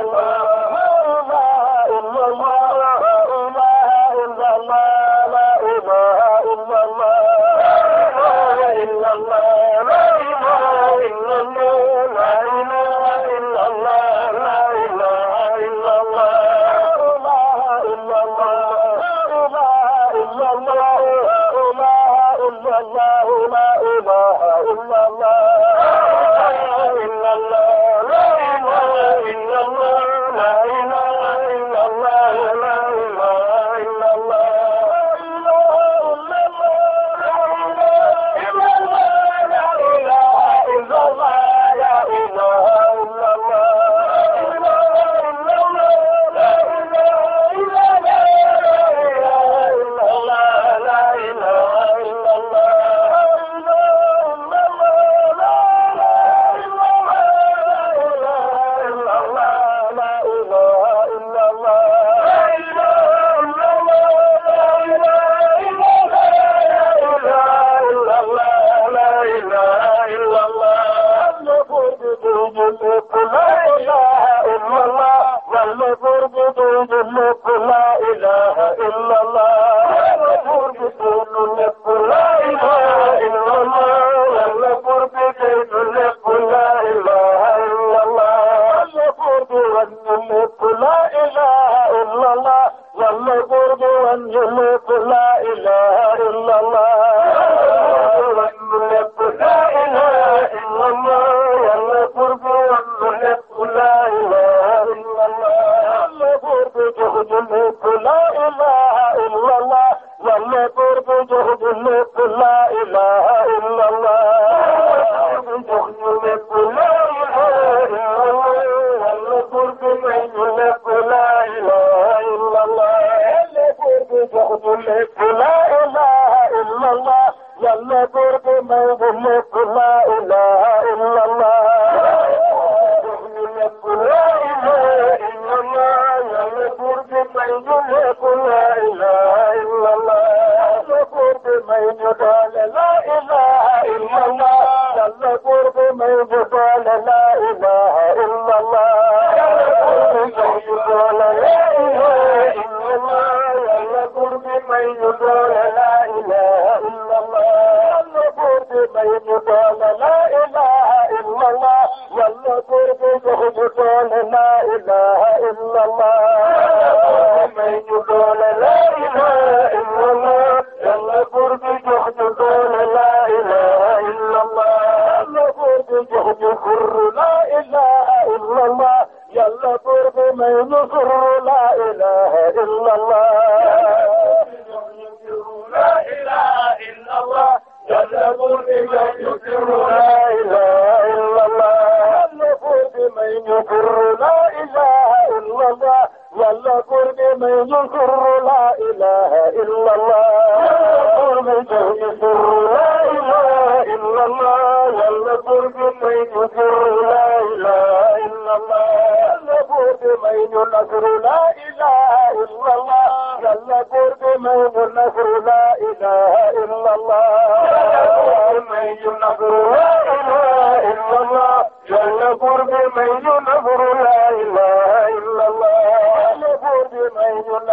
الله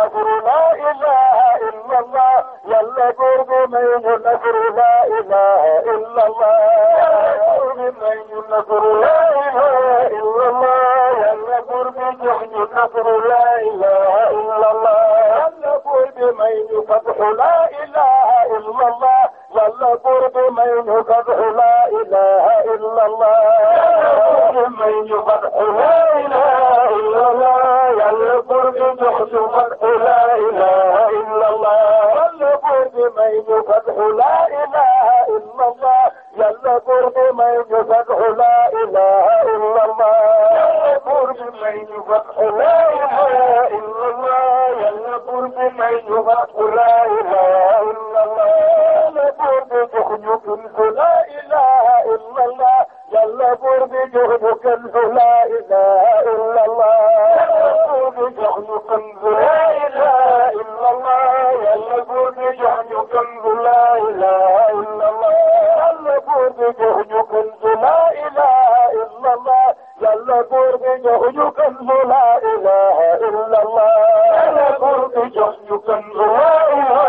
نفر لا إله إلا الله يلا قرب من نفر لا إله إلا الله يلا قرب من نفر لا إله إلا الله يلا قرب جحن نفر لا إله إلا الله يلا قرب من فتح لا إله إلا الله yàlla buur bi may ñu fatxu laa ilaha illa allah may ñu fatxu laa ilaha illa allah yàlla buur bi jox ñu fatxu laa ilaha illa allah yàlla buur bi may ñu fatxu laa ilaha illa allah yàlla buur bi may ñu fatxu laa ilaha illa allah القرب من يفتح لا إله إلا الله يا القرب من يفتح لا إله إلا الله يا القرب جهدك انت لا إله إلا الله يا القرب جهدك انت لا إله إلا الله يا القرب جهدك انت لا إله إلا الله يا القرب جهدك انت لا إله إلا الله يا القرب جهدك انت لا إله إلا الله yàlla góor gi jox ñu kanzu la ilaha illallah yàlla góor gi jox ñu kanzu la ilaha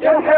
يا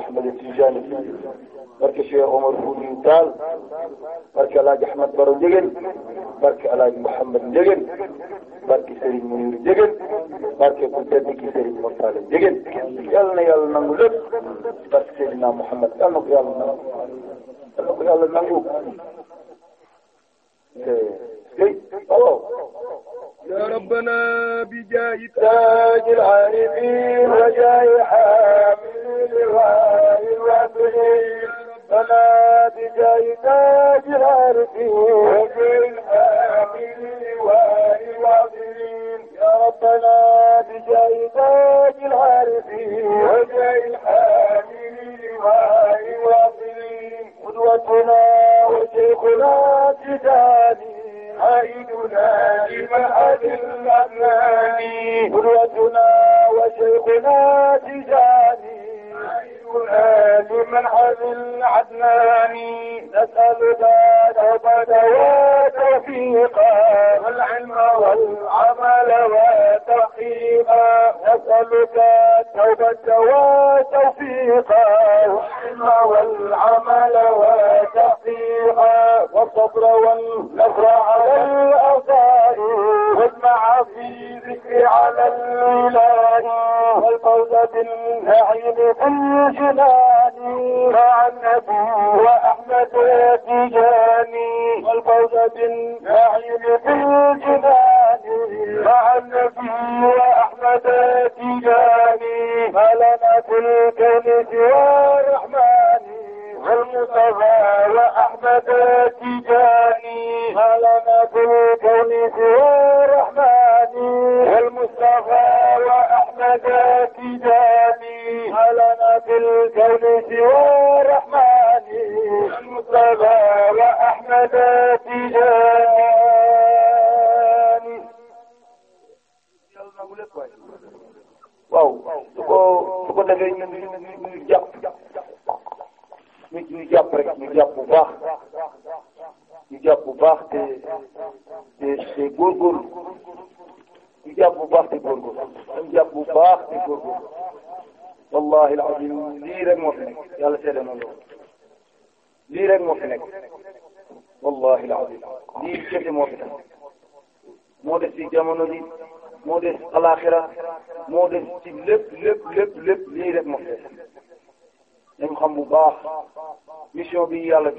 Ahmad Tijaani barke Cheikh Omar Foutiyou Tall barke El Hadj Ahmed Baro Ndiéguène barke El Hadj Mouhamed Ndiéguène barke Serigne Mounir Ndiéguène barke ku tedd ki Serigne Mortala Ndiéguène yàlla na yàlla nangu lépp barke Seydina Mouhamed yàlla na ko yàlla nangu yàlla na ko yàlla nangu يا ربنا بجاه تاج العارفين وجاه حامد لواء وابهيل أنا بجاينا جهارتي وبالآب لواء وابهيل يا ربنا بجاينا جهارتي وبالآب لواء وابهيل قدوتنا وشيخنا جداني عيدنا لمعهد الأماني بالعدناني نسأل بعد عبده توفيقا والعلم والعمل وتحقيقا نسألك توبة وتوفيقا والعلم والعمل وتحقيقا والصبر والنصر على الأعداء والمع في ذكر على الولاء والفوز بالنعيم في الجنان النبي وأحمد تجاني والفوز بالنعيم في الجنان مع النبي وأحمد تجاني ما لنا في الكنز والرحمن والمصطفى وأحمد تجاني هلنا كل كون سوى رحماني والمصطفى وأحمد تجاني هلنا كل كون سوى رحماني والمصطفى وأحمد تجاني واو سكو سكو دغاي ñu ñu jàpp ñu ñu jàpp rek ñu jàpp bu baax ñu jàpp bu baax te te te góorgóorlu ñu jàpp bu baax te góorgóorlu ñu jàpp bu baax te góorgóorlu wallahi alazim lii rek moo fi nekk yàlla seede na loolu lii rek moo fi nekk wallahi alazim lii kese moo fi nekk moo des ci jamono ji moo des alaxira moo des ci lépp lépp lépp lépp lii rek moo fi nekk nañ xam bu baax mission bi yàlla